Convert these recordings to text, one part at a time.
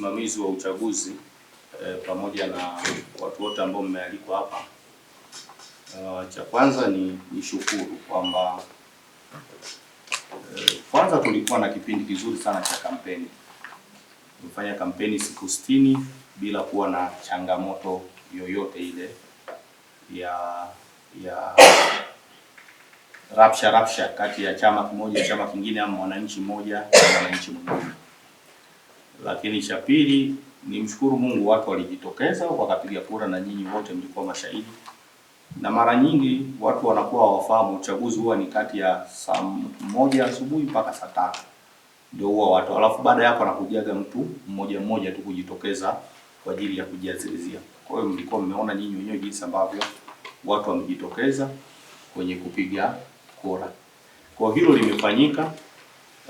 Msimamizi wa uchaguzi e, pamoja na watu wote ambao mmealikwa hapa. E, cha kwanza ni nishukuru kwamba e, kwanza tulikuwa na kipindi kizuri sana cha kampeni. Tumefanya kampeni siku sitini bila kuwa na changamoto yoyote ile ya ya rapsha rapsha kati ya chama kimoja chama kingine ama mwananchi mmoja na mwananchi mwingine. Lakini cha pili ni mshukuru Mungu, watu walijitokeza wakapiga kura, na nyinyi wote mlikuwa mashahidi. Na mara nyingi watu wanakuwa wafahamu uchaguzi huwa ni kati ya saa moja asubuhi mpaka saa tatu ndio huwa watu, alafu baada ya hapo anakujaga mtu mmoja mmoja tu kujitokeza kwa ajili ya kujiazilizia. Kwa hiyo mlikuwa mmeona nyinyi wenyewe jinsi ambavyo watu wamejitokeza kwenye kupiga kura, kwa hilo limefanyika.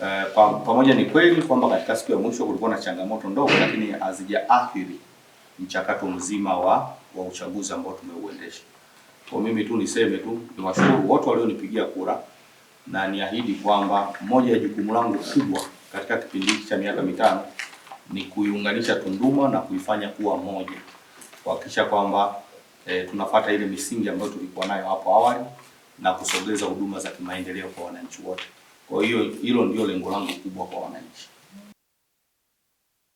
Eh, pamoja ni kweli kwamba katika siku ya mwisho kulikuwa na changamoto ndogo, lakini hazijaathiri mchakato mzima wa, wa uchaguzi ambao tumeuendesha. Kwa mimi tu niseme tu niwashukuru wote walionipigia kura na niahidi kwamba moja ya jukumu langu kubwa katika kipindi hiki cha miaka mitano ni kuiunganisha Tunduma na kuifanya kuwa moja, kuhakikisha kwamba e, eh, tunafuata ile misingi ambayo tulikuwa nayo hapo awali na kusogeza huduma za kimaendeleo kwa wananchi wote. Kwa hiyo hilo ndio lengo langu kubwa kwa wananchi.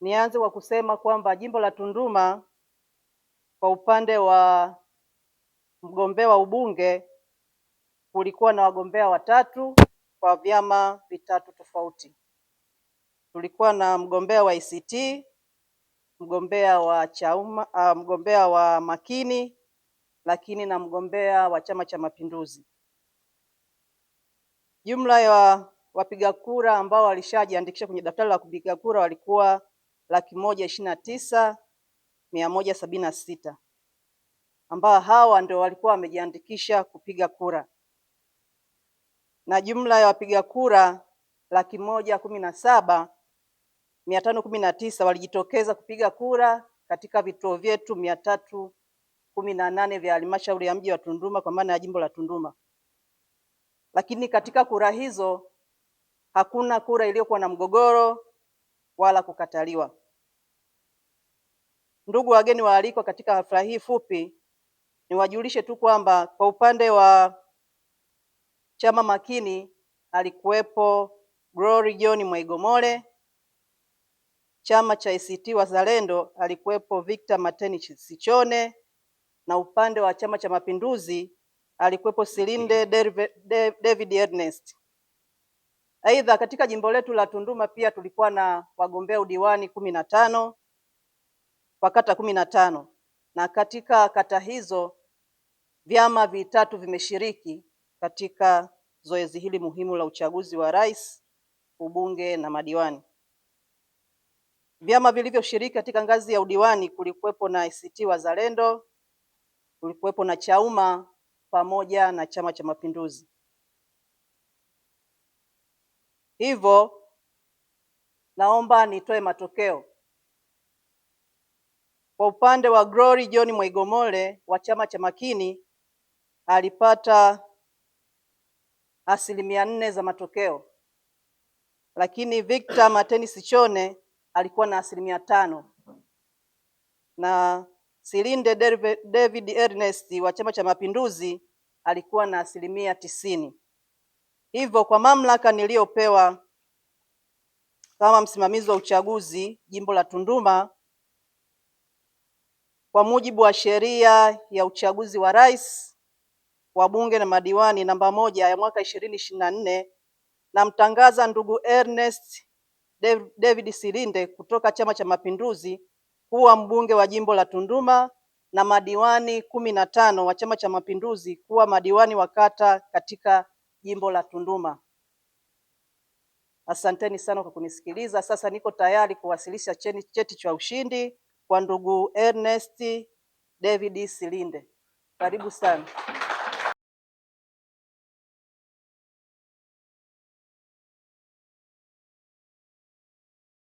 Nianze kwa kusema kwamba jimbo la Tunduma kwa upande wa mgombea wa ubunge kulikuwa na wagombea watatu kwa vyama vitatu tofauti. Tulikuwa na mgombea wa ACT, mgombea wa Chauma, uh, mgombea wa Makini, lakini na mgombea wa Chama cha Mapinduzi. Jumla ya wapiga kura ambao walishajiandikisha kwenye daftari la kupiga kura walikuwa laki moja ishirini na tisa mia moja sabini na sita ambao hawa ndio walikuwa wamejiandikisha kupiga kura, na jumla ya wapiga kura laki moja kumi na saba mia tano kumi na tisa walijitokeza kupiga kura katika vituo vyetu mia tatu kumi na nane vya halmashauri ya mji wa Tunduma kwa maana ya jimbo la Tunduma. Lakini katika kura hizo hakuna kura iliyokuwa na mgogoro wala kukataliwa. Ndugu wageni waalikwa, katika hafla hii fupi niwajulishe tu kwamba kwa upande wa chama Makini alikuwepo Glory John Mwaigomole, chama cha ACT Wazalendo alikuwepo Victor Mateni Sichone, na upande wa Chama cha Mapinduzi alikuwepo Silinde mm-hmm. David Ernest. Aidha, katika jimbo letu la Tunduma pia tulikuwa na wagombea udiwani kumi na tano kwa kata kumi na tano na katika kata hizo vyama vitatu vimeshiriki katika zoezi hili muhimu la uchaguzi wa rais, ubunge na madiwani. Vyama vilivyoshiriki katika ngazi ya udiwani kulikuwepo na ACT Wazalendo, kulikuwepo na Chauma pamoja na Chama cha Mapinduzi. Hivyo naomba nitoe matokeo. Kwa upande wa Glory John Mwigomole wa chama cha Makini alipata asilimia nne za matokeo, lakini Victor Matenisichone alikuwa na asilimia tano na Silinde David Ernest wa Chama cha Mapinduzi alikuwa na asilimia tisini. Hivyo kwa mamlaka niliyopewa kama msimamizi wa uchaguzi jimbo la Tunduma kwa mujibu wa sheria ya uchaguzi wa rais wa bunge na madiwani namba moja ya mwaka ishirini ishirini na nne namtangaza ndugu Ernest David Silinde kutoka Chama cha Mapinduzi kuwa mbunge wa jimbo la Tunduma na madiwani kumi na tano wa Chama cha Mapinduzi kuwa madiwani wa kata katika jimbo la Tunduma. Asanteni sana kwa kunisikiliza. Sasa niko tayari kuwasilisha cheni, cheti cha ushindi kwa ndugu Ernest David Silinde. Karibu sana.